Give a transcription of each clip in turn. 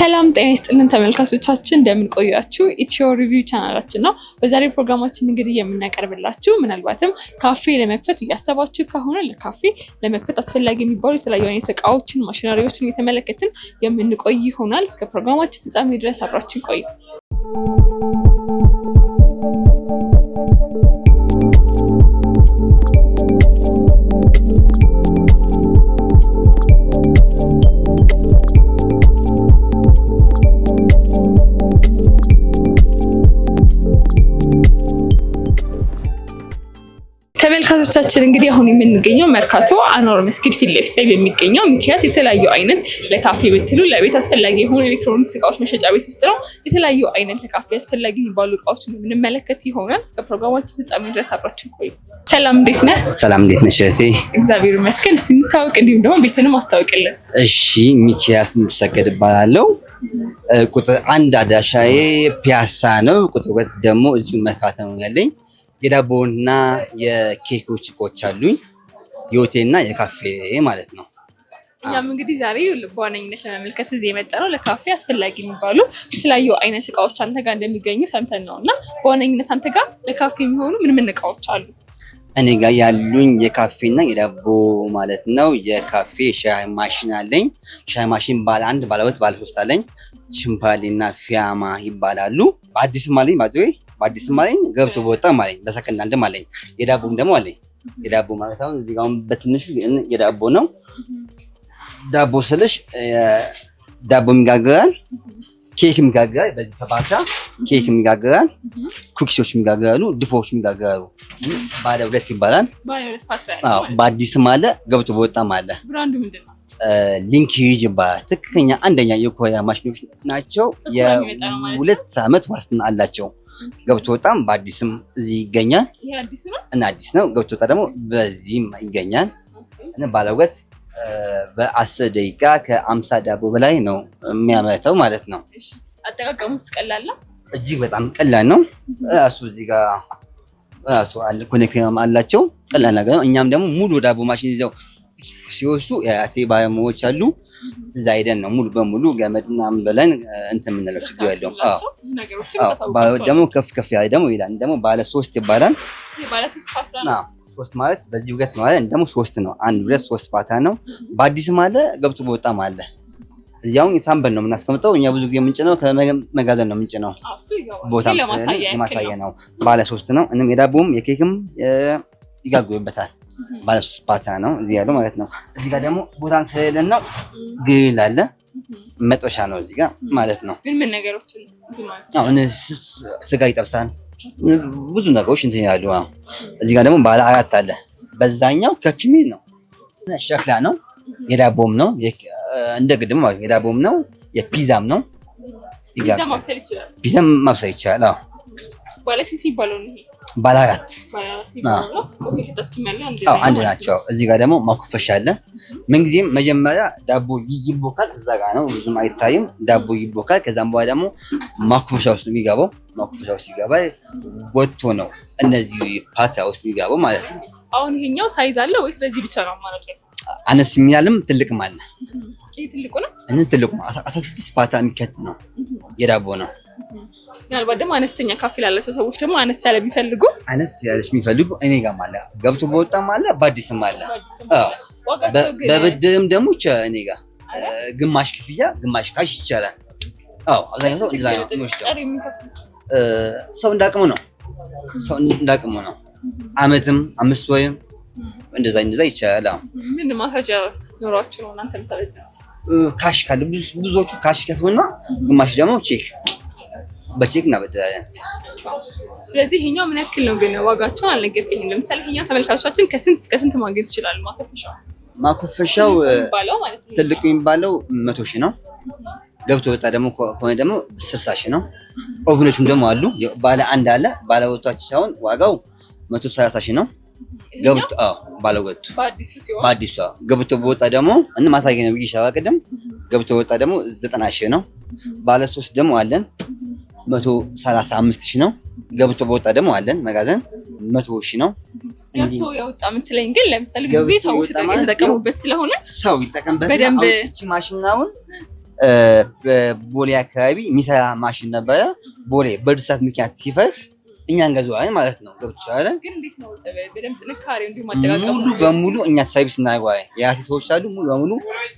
ሰላም ጤና ይስጥልን ተመልካቾቻችን፣ እንደምን ቆያችሁ? ኢትዮ ሪቪው ቻናላችን ነው። በዛሬ ፕሮግራማችን እንግዲህ የምናቀርብላችሁ ምናልባትም ካፌ ለመክፈት እያሰባችሁ ከሆነ ለካፌ ለመክፈት አስፈላጊ የሚባሉ የተለያዩ አይነት እቃዎችን፣ ማሽነሪዎችን እየተመለከትን የምንቆይ ይሆናል። እስከ ፕሮግራማችን ፍጻሜ ድረስ አብራችን ቆዩ። ተመልካቾቻችን እንግዲህ አሁን የምንገኘው መርካቶ አኗር መስጊድ ፊት ለፊት ላይ በሚገኘው ሚኪያስ የተለያዩ አይነት ለካፌ ብትሉ ለቤት አስፈላጊ የሆኑ ኤሌክትሮኒክስ እቃዎች መሸጫ ቤት ውስጥ ነው። የተለያዩ አይነት ለካፌ አስፈላጊ የሚባሉ እቃዎችን የምንመለከት ይሆናል። እስከ ፕሮግራማችን ፍጻሜ ድረስ አብራችን ቆዩ። ሰላም፣ እንዴት ነህ? ሰላም፣ እንዴት ነሽ እህቴ? እግዚአብሔር ይመስገን። እስቲ እንታወቅ፣ እንዲሁም ደግሞ ቤትንም አስታውቅልን። እሺ፣ ሚኪያስ ሰገድ እባላለሁ። ቁጥር አንድ አዳሻዬ ፒያሳ ነው። ቁጥር ሁለት ደግሞ እዚሁ መርካቶ ነው ያለኝ። የዳቦና የኬኮች እቃዎች አሉኝ። የሆቴልና የካፌ ማለት ነው። እኛም እንግዲህ ዛሬ በዋነኝነት ለመመልከት እዚህ የመጣ ነው። ለካፌ አስፈላጊ የሚባሉ የተለያዩ አይነት እቃዎች አንተ ጋር እንደሚገኙ ሰምተን ነው እና በዋነኝነት አንተ ጋር ለካፌ የሚሆኑ ምን ምን እቃዎች አሉ? እኔ ጋር ያሉኝ የካፌና የዳቦ ማለት ነው። የካፌ ሻይ ማሽን አለኝ። ሻይ ማሽን ባለ አንድ፣ ባለ ሁለት፣ ባለ ሶስት አለኝ። ችምፓሌና ፊያማ ይባላሉ። አዲስም አለኝ ባዘ በአዲስም አለኝ ገብቶ በወጣም አለኝ በሰከንድ አንድም አለኝ የዳቦም ደግሞ አለኝ። የዳቦ ማለት አሁን እዚህ ጋር በትንሹ የዳቦ ነው። ዳቦ ስልሽ ዳቦ ይጋገራል፣ ኬክ ይጋገራል። በዚህ ከባታ ኬክ ይጋገራል፣ ኩኪሶች ይጋገራሉ፣ ድፎዎችም ይጋገራሉ። ባለ ሁለት ይባላል። በአዲስም አለ ገብቶ በወጣም አለ። ሊንክ ዩጅ ይባላል። ትክክለኛ አንደኛ የኮሪያ ማሽኖች ናቸው። የሁለት ዓመት ዋስትና አላቸው። ገብቶ ወጣም በአዲስም እዚህ ይገኛል እና አዲስ ነው። ገብቶ ወጣ ደግሞ በዚህም ይገኛል እና ባለውቀት በአስር ደቂቃ ከአምሳ ዳቦ በላይ ነው የሚያመርተው ማለት ነው። አጠቃቀሙ ቀላል እጅግ በጣም ቀላል ነው። እሱ እዚህ ጋር ራሱ ኮኔክተርም አላቸው። ቀላል ነገር ነው። እኛም ደግሞ ሙሉ ዳቦ ማሽን ይዘው ሲወሱ የራሴ ባለሙያዎች አሉ። እዛ ሄደን ነው ሙሉ በሙሉ ገመድ ምናምን ብለን እንትን የምንለው ችግር የለውም። ደግሞ ከፍ ከፍ ያለ ደግሞ ይላል ደግሞ ባለ ሶስት ይባላል። ሶስት ማለት በዚህ ውገት ነው ያለን ደግሞ ሶስት ነው። አንድ ሁለት ሶስት ፓታ ነው። በአዲስም አለ ገብቶ በወጣም አለ። እዚያውን የሳምበል ነው የምናስቀምጠው እኛ ብዙ ጊዜ ምንጭ ነው ከመጋዘን ነው ምንጭ ነው ቦታ ማሳየ ነው። ባለ ሶስት ነው እንም የዳቦም የኬክም ይጋጉበታል። ባለሶስት ባታ ነው እዚህ ያለው ማለት ነው። እዚህ ጋር ደግሞ ቦታን ስለሌለን ነው ግሪል አለ መጥበሻ ነው እዚህ ጋር ማለት ነው። ስጋ ይጠብሳል ብዙ ነገሮች እንትን ያሉ። እዚህ ጋር ደግሞ ባለ አራት አለ። በዛኛው ከፍ የሚል ነው። ሸክላ ነው። የዳቦም ነው እንደ ግድም የዳቦም ነው የፒዛም ነው። ፒዛ ማብሰል ይችላል። ባለስንት የሚባለው ነው ይሄ ባለ አንድ ናቸው። እዚህ ጋር ደግሞ ማኮፈሻ አለ። ምንጊዜም መጀመሪያ ዳቦ ይቦካል፣ እዛ ጋ ነው ብዙም አይታይም። ዳቦ ይቦካል። ከዛም በኋላ ደግሞ ማኮፈሻ ውስጥ የሚገባው ማኮፈሻ ውስጥ ሲገባ ወጥቶ ነው እነዚህ ፓታ ውስጥ የሚገባው ማለት ነው። አሁን ይሄኛው ሳይዝ አለ ወይስ በዚህ ብቻ ነው አማራጭ? አነስ የሚላልም ትልቅም አለ። ትልቁ ነው። ፓታ የሚከት ነው የዳቦ ነው ምናልባት ደግሞ አነስተኛ ካፌ ላላቸው ሰዎች ደግሞ አነስ ያለ የሚፈልጉ አነስ ያለች የሚፈልጉ እኔ ጋርም አለ፣ ገብቶ በወጣም አለ፣ በአዲስም አለ። በብድርም ደግሞ እኔ ጋ ግማሽ ክፍያ ግማሽ ካሽ ይቻላል። አብዛኛው ሰው እንደዛ ነው ሰው እንዳቅሙ ነው። ሰው እንዳቅሙ ነው። አመትም አምስት ወይም እንደዛ እንደዛ ይቻላል። ምን ማሳጃ ኖሯችሁ ነው እናንተ የምታበጅ? ካሽ ካለ ብዙዎቹ ካሽ ከፍሉና ግማሽ ደግሞ ቼክ በቼክ በተለያየ ስለዚህ ይሄኛው ምን ያክል ነው ግን ዋጋቸውን አልነገርከኝም። ለምሳሌ ይሄኛው ተመልካቾችን ከስንት ከስንት ማግኘት ይችላል? ማኮፈሻው ማኮፈሻው ትልቁ የሚባለው መቶ ሺህ ነው። ገብቶ ወጣ ደግሞ ከሆነ ደግሞ ስልሳ ሺህ ነው። ኦቭኖቹም ደግሞ አሉ። ባለ አንድ አለ። ባለ ሁለታችን ሳይሆን ዋጋው መቶ ሰላሳ ሺህ ነው። ገብቶ አዎ፣ ባለ ሁለቱ በአዲሱ ገብቶ በወጣ ደግሞ እን ማሳየ ነው ብዬ ቅድም ገብቶ ወጣ ደግሞ ዘጠና ሺህ ነው። ባለ ሶስት ደግሞ አለን 135 ሺ ነው። ገብቶ በወጣ ደግሞ አለን መጋዘን 100 ሺ ነው። ገብቶ ያወጣ የምትለኝ ግን ለምሳሌ ጊዜ ሰው ይጠቀሙበት ስለሆነ ሰው ይጠቀምበት በደንብ ማሽን አሁን በቦሌ አካባቢ የሚሰራ ማሽን ነበረ። ቦሌ በድሳት ምክንያት ሲፈስ እኛ እንገዛዋለን ማለት ነው። ገብቶሻል። ሙሉ በሙሉ እኛ ሰርቪስ እናደርገዋለን። የራሴ ሰዎች አሉ። ሙሉ በሙሉ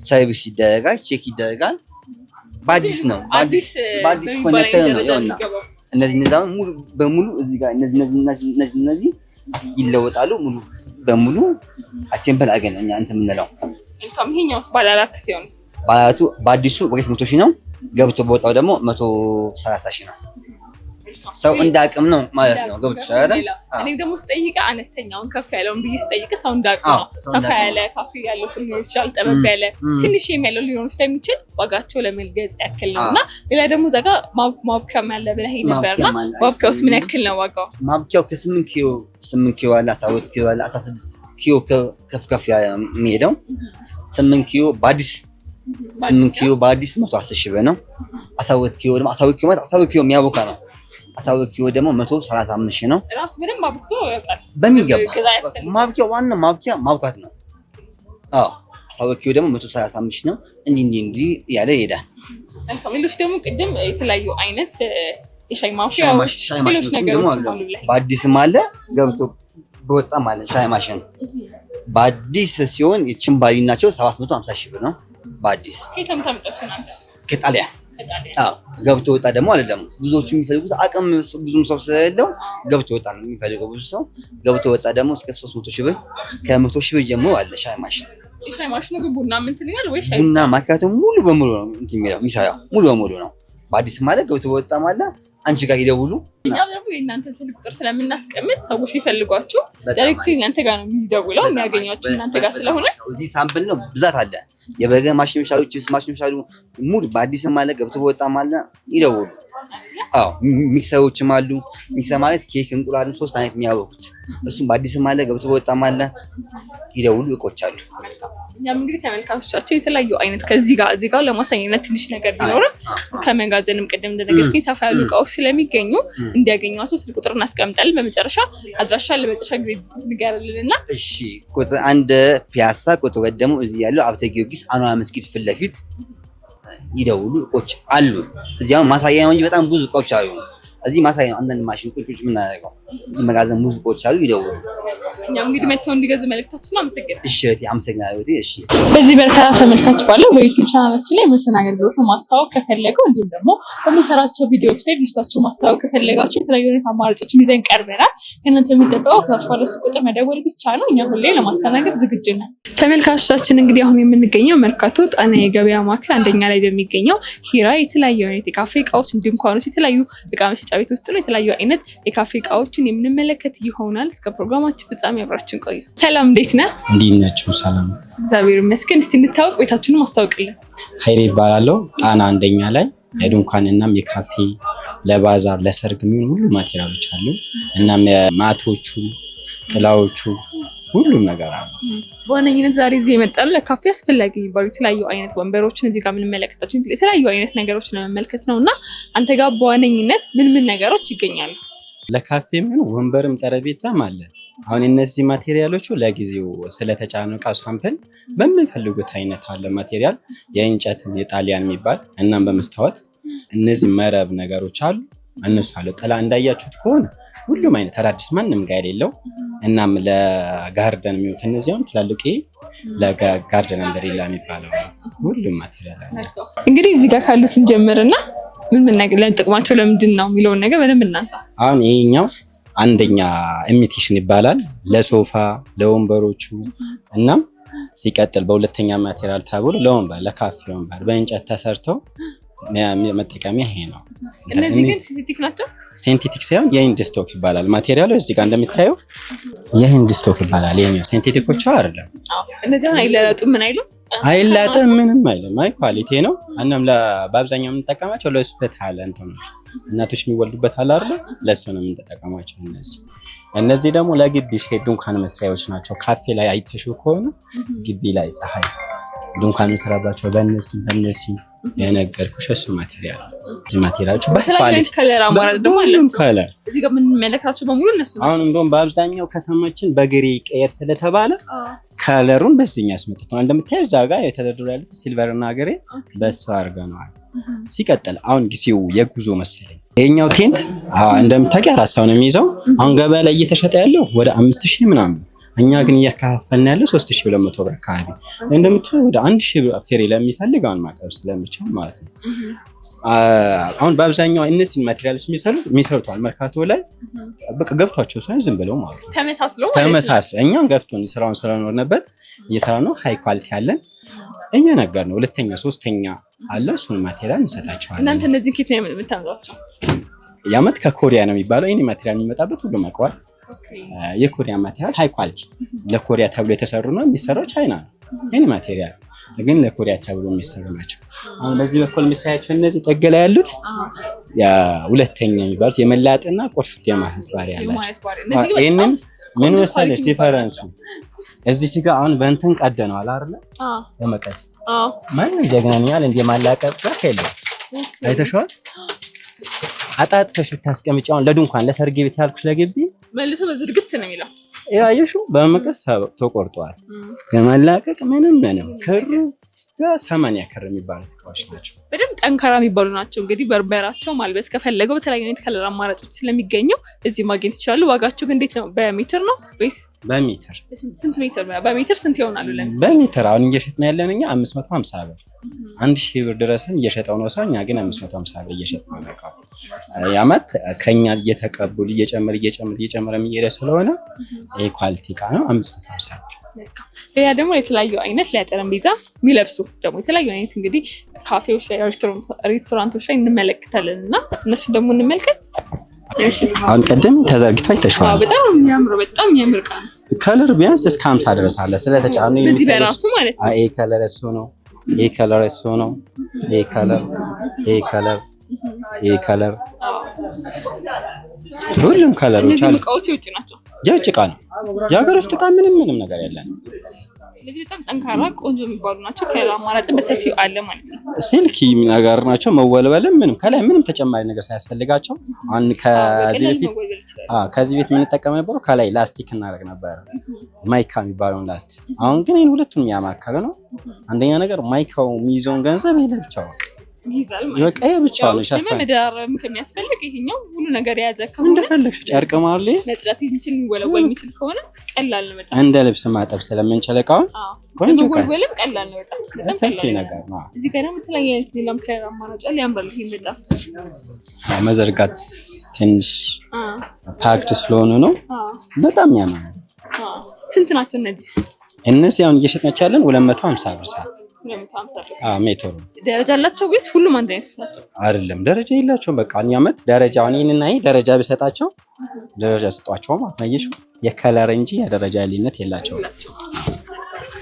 ሰርቪስ ይደረጋል፣ ቼክ ይደረጋል። በአዲስ ነው። ባዲስ ኮኔክተር ነው እነዚህ እነዚህ ሙሉ በሙሉ እዚህ ጋር እነዚህ እነዚህ ይለወጣሉ። ሙሉ በሙሉ አሴምብል አገን እኛ እንትን የምንለው ባለ በአዲሱ መቶ ሺህ ነው ገብቶ በወጣው ደግሞ መቶ ሰላሳ ሺህ ነው። ሰው እንዳቅም ነው ማለት ነው። ገብቶሻል አይደል? እኔ ደግሞ ስጠይቀ አነስተኛውን ከፍ ያለውን ብዬ ስጠይቀ ሰው እንዳቅም ነው። ሰፋ ያለ ካፍ ያለው ሰው ሊኖር ይችላል፣ ጠበብ ያለ ትንሽ የሚያለው ሊኖር ስለሚችል ዋጋቸው ለመልገጽ ያክል ነው። እና ሌላ ደግሞ እዛ ጋ ማብኪያም ያለ ብለህ ነበርና ማብኪያ ውስጥ ምን ያክል ነው ዋጋው? ማብኪያው ከስምንት ኪሎ ስምንት ኪሎ አለ፣ አስራ ሁለት ኪሎ አለ፣ አስራ ስድስት ኪዮ ከፍ ከፍ የሚሄደው ስምንት ኪዮ በአዲስ ስምንት ኪዮ በአዲስ መቶ አስር ሺህ ብር ነው። አስራ ሁለት ኪሎ ደግሞ አስራ ሁለት ኪሎ ማለት አስራ ሁለት ኪሎ የሚያቦካ ነው አሳውቅ ኪሎ ደግሞ 135 ሺህ ነው። ራሱ ምንም ማብክቶ ያውቃል በሚገባ ማብኪያ፣ ዋና ማብኪያ ማብካት ነው። አዎ አሳውቅ ኪሎ ደግሞ 135 ሺህ ነው። እንዲህ እንዲህ እንዲህ ያለ ይሄዳል። ሌሎች ደግሞ ቅድም የተለያዩ አይነት የሻይ ማሽኖች ደግሞ በአዲስም አለ ገብቶ በወጣም አለ ሻይ ማሽን። በአዲስ ሲሆን የችምባሊ ናቸው 750 ሺህ ብር ነው በአዲስ ከጣሊያን ገብቶ ወጣ ደግሞ አይደለም። ብዙዎቹ የሚፈልጉት አቅም ብዙም ሰው ስለሌለው ገብቶ ወጣ ነው የሚፈልገው ብዙ ሰው። ገብቶ ወጣ ደግሞ እስከ ሶስት መቶ ሺህ ብር ከመቶ ሺህ ብር ጀምሮ አለ። ሻይ ማሽን ሻይ ማሽኑ ግን ቡና ምንትን ይላል ወይ ሻይ ቡና ማኪያቶ ሙሉ በሙሉ ነው የሚሰራው ሙሉ በሙሉ ነው በአዲስ ማለት ገብቶ በወጣ ማለ አንቺ ጋር ይደውሉ። እኛም ደግሞ የእናንተ ስልክ ቁጥር ስለምናስቀምጥ ሰዎች ቢፈልጓችሁ ዳይሬክት እናንተ ጋር ነው የሚደውለው። የሚያገኛችሁ እናንተ ጋር ስለሆነ እዚህ ሳምፕል ነው ብዛት አለ። የበገ ማሽኖች አሉ፣ ቺፕስ ማሽኖች አሉ። ሙድ በአዲስ ማለት ገብቶ በወጣ ማለ ይደውሉ። አዎ ሚክሰሮችም አሉ። ሚክሰር ማለት ኬክ፣ እንቁላልም ሶስት አይነት የሚያወቁት እሱም በአዲስም አለ ገብቶ በወጣም አለ ይደውሉ እቆች አሉ። እኛም እንግዲህ ተመልካቾቻችን የተለያዩ አይነት ከዚህ ጋር እዚህ ጋር ለማሳኝነት ትንሽ ነገር ቢኖርም ከመጋዘንም ቅድም እንደነገርኩ ሰፋ ያሉ እቃዎች ስለሚገኙ እንዲያገኟቸው ስልክ ቁጥር እናስቀምጣለን። በመጨረሻ አድራሻ ለመጨረሻ ጊዜ ንገርልን እና እሺ፣ ቁጥር አንድ ፒያሳ ቁጥር ደግሞ እዚህ ያለው አብተ ጊዮርጊስ አኗ መስጊድ ፊት ለፊት ይደውሉ እቆች አሉ። እዚያው ማሳያ እንጂ በጣም ብዙ እቃዎች አሉ። እዚህ ማሳያ አንዳንድ ማሽን ቁጭ ቁጭ የምናደርገው መጋዘን ሙዚቆች አሉ፣ ይደውሉ። እኛም እንግዲህ መጥተው እንዲገዙ መልእክታችን አመሰግናለሁ። እሺ እህቴ፣ አመሰግናለሁ። እሺ፣ በዚህ በርካታ ተመልካች ባለው በዩቲዩብ ቻናላችን ላይ ምርትን አገልግሎት ማስታወቅ ከፈለገው እንዲሁም ደግሞ በምንሰራቸው ቪዲዮዎች ላይ ድርጅታችሁን ማስታወቅ ከፈለጋችሁ የተለያዩ አይነት ይዘን ቀርበናል። ከእናንተ የሚጠበቀው ከታች ባለው ቁጥር መደወል ብቻ ነው። እኛ ሁሌ ለማስተናገድ ዝግጅ ነን። ተመልካቾቻችን እንግዲህ አሁን የምንገኘው መርካቶ ጣና የገበያ ማዕከል አንደኛ ላይ በሚገኘው ሂራ የተለያዩ አይነት የካፌ እቃዎች እንዲሁም የተለያዩ እቃ መሸጫ ቤት ውስጥ ነው የተለያዩ አይነት የካፌ እቃዎች ቪዲዮዎችን የምንመለከት ይሆናል። እስከ ፕሮግራማችን ፍጻሜ አብራችን ቆዩ። ሰላም፣ እንዴት ነህ? እንዴት ናችሁ? ሰላም፣ እግዚአብሔር ይመስገን። እስቲ እንታወቅ፣ ቤታችንም አስታውቅልን። ሀይሬ ይባላለሁ። ጣና አንደኛ ላይ የድንኳን እናም የካፌ ለባዛር ለሰርግ የሚሆን ሁሉ ማቴሪያሎች አሉ። እናም ማቶቹ ጥላዎቹ ሁሉም ነገር አሉ። በዋነኝነት ዛሬ እዚህ የመጣ ነው ለካፌ አስፈላጊ የሚባሉ የተለያዩ አይነት ወንበሮችን እዚህ ጋር የምንመለከታቸው የተለያዩ አይነት ነገሮችን ለመመልከት ነው እና አንተ ጋር በዋነኝነት ምን ምን ነገሮች ይገኛሉ? ለካፌ የሚሆን ወንበርም ጠረጴዛም አለ። አሁን እነዚህ ማቴሪያሎቹ ለጊዜው ስለተጫኑ እቃ ሳምፕል በምንፈልጉት አይነት አለ ማቴሪያል የእንጨትም የጣሊያን የሚባል እናም በመስታወት እነዚህ መረብ ነገሮች አሉ። እነሱ አለ ጥላ እንዳያችሁት ከሆነ ሁሉም አይነት አዳዲስ ማንም ጋር የሌለው እናም ለጋርደን የሚሆኑት እነዚያም ትላልቅ ለጋርደን እንደሌላ የሚባለው ሁሉም ማቴሪያል አለ። እንግዲህ እዚህ ጋር ካሉት እንጀምርና ምን ምን ነገር ጥቅማቸው ለምንድን ነው የሚለውን ነገር በደንብ እናንሳ። አሁን ይሄኛው አንደኛ ኢሚቴሽን ይባላል ለሶፋ ለወንበሮቹ እናም ሲቀጥል በሁለተኛ ማቴሪያል ተብሎ ለወንበር ለካፌ ወንበር በእንጨት ተሰርተው መጠቀሚያ ይሄ ነው። እነዚህ ግን ሲንቴቲክ ናቸው። ሲንቴቲክ ሳይሆን የህንድ ስቶክ ይባላል ማቴሪያሉ። እዚህ ጋር እንደምታየው የህንድ ስቶክ ይባላል። ይሄኛው ሲንቴቲኮቹ አይደለም። እነዚህ አሁን አይለጡም ምን አይሉም አይላጥም፣ ምንም አይልም። አይ ኳሊቲ ነው። እናም በአብዛኛው የምንጠቀማቸው ለስፔታል አለ እንትን እናቶች የሚወልዱበት አለ አይደል? ለሱ ነው የምንጠቀማቸው። እነዚህ እነዚህ ደግሞ ለግቢ ሼድ ድንኳን መስሪያዎች ናቸው። ካፌ ላይ አይተሽው ከሆነ ግቢ ላይ ፀሐይ ድንኳን የምንሰራባቸው በእነሱ በነሲ የነገርኩሽ እሱ ማቴሪያል ማቴሪያሎቹ በኳሊቲ በተለያዩ ከለር ደግሞ ጋር በሙሉ እነሱ አሁን እንደውም በአብዛኛው ከተማችን በግሪ ቀየር ስለተባለ ከለሩን በዚህኛ ያስመጡት እንደምታየው እዛ ጋር የተደረደሩ ያሉት እና ግሬ በእሱ አድርገነዋል። ሲቀጥል አሁን ጊዜው የጉዞ መሰለኝ ይሄኛው ቴንት እንደምታውቂ አራት ሰው ነው የሚይዘው። አሁን ገበያ ላይ እየተሸጠ ያለው ወደ አምስት ሺህ ምናምን እኛ ግን እያከፋፈልን ያለ 3200 ብር አካባቢ እንደምታየው ወደ 1000 ፌሪ ለሚፈልግ አሁን ማቅረብ ስለሚቻል ማለት ነው። አሁን በአብዛኛው እነዚህን ማቴሪያሎች የሚሰሩት የሚሰሩቷል መርካቶ ላይ በቃ ገብቷቸው ሳይሆን ዝም ብለው ማለት ነው። ተመሳስሎ ተመሳስሎ እኛም ገብቶን ስራውን ስለኖርንበት እየሰራ ነው። ሃይ ኳሊቲ ያለን እየነገር ነው። ሁለተኛ ሶስተኛ አለ እሱን ማቴሪያል እንሰጣቸዋለን። እናንተ እነዚህ ኬት ነው የምታምሯቸው? የዓመት ከኮሪያ ነው የሚባለው ይህ ማቴሪያል የሚመጣበት ሁሉም አውቀዋል። የኮሪያ ማቴሪያል ሃይ ኳሊቲ ለኮሪያ ተብሎ የተሰሩ ነው። የሚሰራው ቻይና ነው። ይህን ማቴሪያል ግን ለኮሪያ ተብሎ የሚሰሩ ናቸው። አሁን በዚህ በኩል የምታያቸው እነዚህ ጠገ ላይ ያሉት ሁለተኛ የሚባሉት የመላጥና ቁርፍት የማለት ባህሪ ያላቸው ይህንን ምን መሰለች ዲፈረንሱ እዚች ጋር አሁን በእንትን ቀደነዋል አይደለ? በመቀስ ማንም ጀግነኛል እንዲ ማላቀቅ የለም። አይተሽዋል። አጣጥፈሽ ብታስቀምጪ አሁን ለድንኳን ለሰርግ ቤት ያልኩሽ ለግቢ መልሶ በዝርግት ነው የሚለው። ያየሹ በመቀስ ተቆርጧል። ለማላቀቅ ምንም ምንም ክሩ ሰማንያ ክር የሚባሉ እቃዎች ናቸው። በደንብ ጠንካራ የሚባሉ ናቸው። እንግዲህ በርበራቸው ማልበስ ከፈለገው በተለያዩ አይነት ከለር አማራጮች ስለሚገኘው እዚህ ማግኘት ይችላሉ። ዋጋቸው ግን እንዴት ነው? በሜትር ነው ወይስ በሜትር ስንት ሜትር በሜትር ስንት ይሆናሉ? በሜትር አሁን እየሸጥ ነው ያለን እኛ አምስት መቶ ሀምሳ ብር አንድ ሺህ ብር ድረስም እየሸጠው ነው ሰው እኛ ግን አምስት መቶ ሀምሳ ብር እየሸጥ ነው ያቃሉ ያመት ከኛ እየተቀበሉ እየጨመረ የሚሄደ ስለሆነ ኳሊቲ እቃ ነው። አምስት ሌላ ደግሞ የተለያዩ አይነት ለጠረጴዛ የሚለብሱ ደግሞ የተለያዩ አይነት እንግዲህ ካፌዎች ላይ ሬስቶራንቶች ላይ እንመለከታለን እና እነሱ ደግሞ እንመልከት። አሁን ቅድም ተዘርግቶ አይተሸዋል። በጣም በጣም የሚያምር እቃ ነው። ከለር ቢያንስ እስከ ሀምሳ ድረስ አለ። ስለተጫኑ በዚህ በራሱ ማለት ነው። ይሄ ከለር እሱ ነው። ይሄ ከለር እሱ ነው። ይሄ ከለር ይሄ ከለር ይሄ ከለር ሁሉም ከለሮች አሉ። የውጭ እቃ ነው። የሀገር ውስጥ ዕቃ ምንም ምንም ነገር ያለን ስለዚህ በጣም ጠንካራ ቆንጆ የሚባሉ ናቸው። አማራጭ በሰፊው አለ ማለት ነው። ስልኪ ነገር ናቸው መወልወልም ምንም ከላይ ምንም ተጨማሪ ነገር ሳያስፈልጋቸው አሁን ከዚህ በፊት ከዚህ ቤት የምንጠቀመ ነበሩ ከላይ ላስቲክ እናደርግ ነበረ ማይካ የሚባለውን ላስቲክ። አሁን ግን ይህን ሁለቱን የሚያማከለ ነው። አንደኛ ነገር ማይካው የሚይዘውን ገንዘብ ይህ በቃ ይሄ ብቻ ነው መዳረም ከሚያስፈልግ ይሄኛው ነገር የያዘ ከሆነ እንደፈለግሽ ጨርቅ ማርሌ መጽዳት የሚችል ወለወል የሚችል ከሆነ ቀላል ነው። በጣም እንደ ልብስ ማጠብ ስለምንችል እቃውን ቆንጆ ቀላል ነው። በጣም በጣም ነገር ነው። እዚህ ጋር የተለያየ አይነት ሌላም ከለር አማራጭ አለ። ያምራል። ይሄ መዘርጋት ትንሽ ፓክድ ስለሆኑ ነው። በጣም ያምራል። ስንት ናቸው እነዚህ? እነዚህ አሁን እየሸጥናቸው ያለን 250 ብር ሰዓት ሜትሩ ደረጃ አላቸው ወይስ ሁሉም አንድ አይነቶች ናቸው? አይደለም፣ ደረጃ የላቸውም። በቃ እኔ አመት ደረጃ እኔንና ደረጃ ቢሰጣቸው ደረጃ ስጧቸው ማለት ነው። አየሽው፣ የከለር እንጂ የደረጃ ልዩነት የላቸው።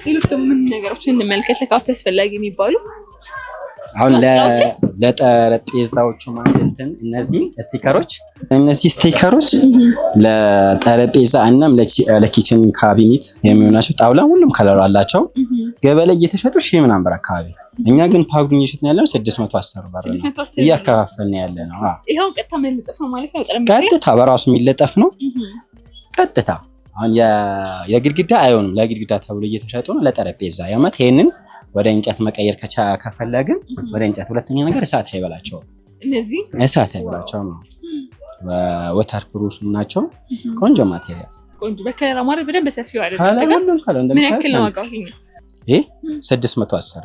ሌሎች ምን ነገሮችን እንመልከት ለካፌ አስፈላጊ የሚባሉ አሁን ለጠረጴዛዎቹ ማንትን እነዚህ ስቲከሮች እነዚህ ስቲከሮች ለጠረጴዛ እናም ለኪችን ካቢኔት የሚሆናቸው ጣውላ ሁሉም ከለሩ አላቸው። ገበያ ላይ እየተሸጡ ሺህ ምናምን ብር አካባቢ፣ እኛ ግን ፓጉኝ እየሸጥን ያለ ነው ስድስት መቶ አስር ብር ነው እያከፋፈልን ያለ ነው። ቀጥታ በራሱ የሚለጠፍ ነው ቀጥታ አሁን የግድግዳ አይሆንም ለግድግዳ ተብሎ እየተሸጡ ነው ለጠረጴዛ ያመት ይህንን ወደ እንጨት መቀየር ከፈለግን ወደ እንጨት። ሁለተኛ ነገር እሳት አይበላቸውም፣ እሳት አይበላቸውም ነው። ወተር ፕሩፍ ናቸው። ቆንጆ ማቴሪያል ስድስት መቶ አስር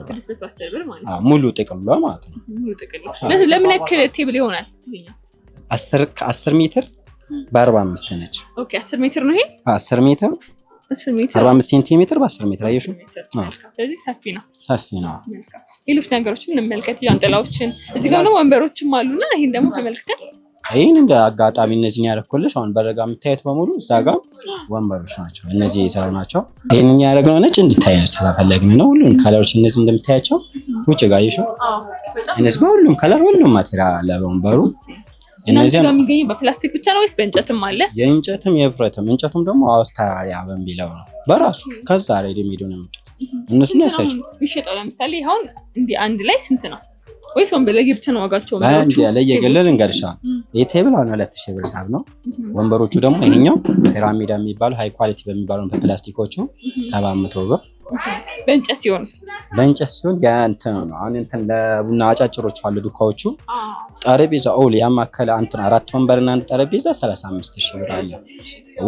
ብር ሙሉ ጥቅል ማለት ነው። ለምን ያክል ቴብል ይሆናል? ከአስር ሜትር በአርባ አምስት ነች። አስር ሜትር ነው ይሄ አስር ሜትር አርባ አምስት ሴንቲሜትር በአስር ሜትር አየሽ። ስለዚህ ሰፊ ነው ሰፊ ነው። ሌሎች ነገሮችን እንመልከት፣ ዣንጥላዎችን እዚህ ጋር ነው ወንበሮችም አሉና ይህን ደግሞ ተመልክተን ይህን እንደ አጋጣሚ እነዚህን ያደረኩልሽ አሁን በረጋ የምታየት በሙሉ እዛ ጋር ወንበሮች ናቸው። እነዚህ የሰሩ ናቸው። ይህን ያደረግነው ነጭ እንድታይ ስላፈለግን ነው። ሁሉም ከለሮች እነዚህ እንደምታያቸው ውጭ ጋር ይሽ እነዚህ በሁሉም ከለር ሁሉም ማቴሪያል አለ በወንበሩ እነዚህ የሚገኙ በፕላስቲክ ብቻ ነው ወይስ በእንጨትም አለ? የእንጨትም የብረትም። እንጨቱም ደግሞ አውስትራሊያ በሚለው ነው በራሱ ከዛ ላይ ደሚዶ ነው የሚመጡት እነሱ ነው ያሳቸው ይሸጣው። ለምሳሌ አሁን እንዲህ አንድ ላይ ስንት ነው? ወይስ ወንበር ለየብቻ ነው ዋጋቸው? አንድ ያለ የገለል እንገርሻ ይሄ ቴብል አሁን ሁለት ሺህ ብር ሳብ ነው። ወንበሮቹ ደግሞ ይሄኛው ፒራሚዳ የሚባለው ሃይ ኳሊቲ በሚባለው በፕላስቲኮቹ 700 ብር በእንጨት ሲሆንስ? በእንጨት ሲሆን ያ ነው። አሁን እንትን ለቡና አጫጭሮቹ አሉ ዱካዎቹ። ጠረጴዛ ኦል ያማከለ አንትን አራት ወንበርና አንድ ጠረጴዛ 35 ሺህ ብር አለ።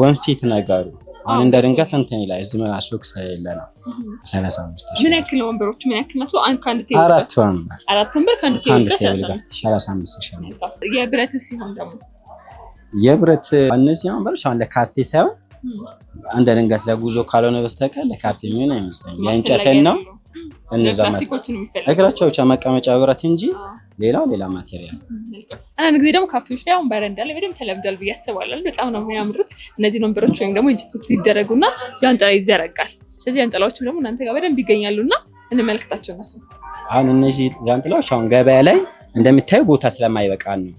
ወንፊት ነገሩ አሁን እንደ ድንገት እንትን ይላል። እዚህ ምን ሱቅ ስለሌለ ነው። 35 ሺህ ምን ያክል ወንበሮች ምን ያክል ናቸው? ከአንድ ቴብል አራት ወንበር አራት ወንበር ከአንድ ቴብል ጋር 35 ሺህ ነው። የብረት ሲሆን ደግሞ የብረት እነዚህ ወንበሮች አሁን ለካፌ ሳይሆን አንድ ድንጋት ለጉዞ ካልሆነ በስተቀር ለካፌ የሚሆን አይመስለኝም። የእንጨትን ነው እነዛ እግራቸው ብቻ መቀመጫ ብረት እንጂ ሌላ ሌላ ማቴሪያል። አንዳንድ ጊዜ ደግሞ ካፌዎች ላይ አሁን በረንዳ ላይ በደምብ ተለምዷል ብዬ አስባለሁ። በጣም ነው የሚያምሩት እነዚህ ወንበሮች ወይም ደግሞ እንጨቶች ሲደረጉና ጃንጥላ ይዘረጋል። ስለዚህ ጃንጥላዎችም ደግሞ እናንተ ጋር በደንብ ይገኛሉ እና እንመለከታቸው እነሱ አሁን እነዚህ ጃንጥላዎች አሁን ገበያ ላይ እንደምታዩ ቦታ ስለማይበቃ ነው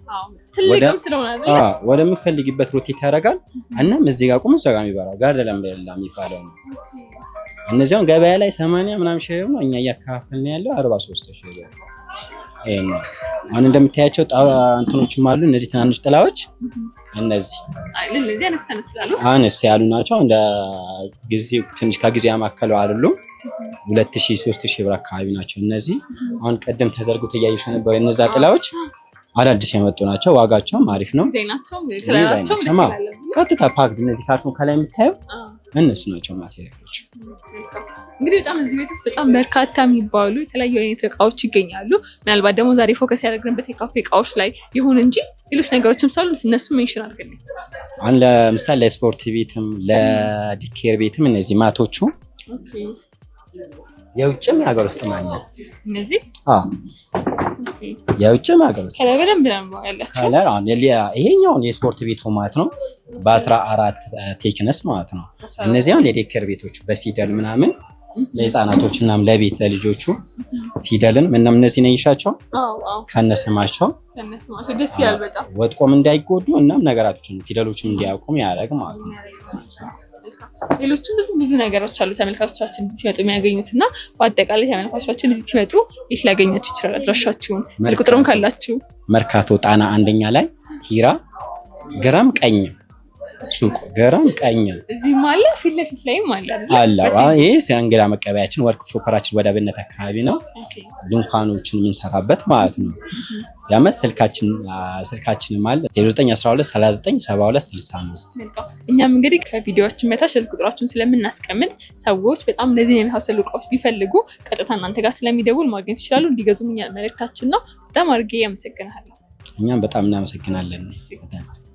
ወደምፈልግበት ሮቴት ያደርጋል። እናም እዚህ ጋር ቁም፣ እዛ ጋር የሚበራው ጋር ለምላ የሚባለው ነው። እነዚያውን ገበያ ላይ ሰማንያ ምናምን ሺህ ነው፣ እኛ እያካፈልን ያለው አርባ ሶስት ሺህ ነው። አሁን እንደምታያቸው እንትኖችም አሉ። እነዚህ ትናንሽ ጥላዎች እነዚህ አነስ ያሉ ናቸው። እንደ ጊዜ ትንሽ ከጊዜ ያማከለው አይደሉም። ሁለት ሺህ ሶስት ሺህ ብር አካባቢ ናቸው እነዚህ። አሁን ቀደም ተዘርግቶ እያየሽ ነበር እነዛ ጥላዎች አዳዲስ የመጡ ናቸው። ዋጋቸውም አሪፍ ነው። ቀጥታ ፓክድ እነዚህ ካርቶን ከላይ የምታየው እነሱ ናቸው ማቴሪያሎች። እንግዲህ በጣም እዚህ ቤት ውስጥ በጣም በርካታ የሚባሉ የተለያዩ አይነት እቃዎች ይገኛሉ። ምናልባት ደግሞ ዛሬ ፎከስ ያደረግንበት የካፌ እቃዎች ላይ ይሁን እንጂ ሌሎች ነገሮችም ሳሉ እነሱ ሜንሽን አድርገን አሁን ለምሳሌ ለስፖርት ቤትም ለዲኬር ቤትም እነዚህ ማቶቹ የውጭም የሀገር ውስጥ ማኛ እነዚህ የውጭም ሀገር ይሄኛውን የስፖርት ቤቱ ማለት ነው በ14 ቴክነስ ማለት ነው። እነዚያን የዴከር ቤቶች በፊደል ምናምን ለህፃናቶች እናም ለቤት ለልጆቹ ፊደልን ምናም እነዚህ ነይሻቸው ከነስማቸው ወጥቆም እንዳይጎዱ እናም ነገራቶችን ፊደሎችን እንዲያውቁም ያደረግ ማለት ነው። ሌሎችም ብዙ ብዙ ነገሮች አሉ ተመልካቾቻችን እዚህ ሲመጡ የሚያገኙት እና በአጠቃላይ ተመልካቾቻችን እዚህ ሲመጡ የት ሊያገኛችሁ ይችላል? አድራሻችሁን፣ ቁጥሩም ካላችሁ። መርካቶ ጣና አንደኛ ላይ ሂራ ግራም ቀኝ ሱቁ ግራም ቀኝ እዚህ አለ፣ ፊት ለፊት ላይም አለ አለ። ይሄ የእንግዳ መቀበያችን ወርክ ሾፐራችን ወደ አካባቢ ነው። ድንኳኖችን የምንሰራበት ማለት ነው። ያመት ስልካችን ስልካችንም አለ 0912397265 እኛም እንግዲህ ከቪዲዮችን በታች ስልክ ቁጥራችሁን ስለምናስቀምጥ ሰዎች በጣም እነዚህን የመሳሰሉ እቃዎች ቢፈልጉ ቀጥታ እናንተ ጋር ስለሚደውል ማግኘት ይችላሉ። እንዲገዙም እኛ መልእክታችን ነው። በጣም አድርጌ ያመሰግናለሁ። እኛም በጣም እናመሰግናለን።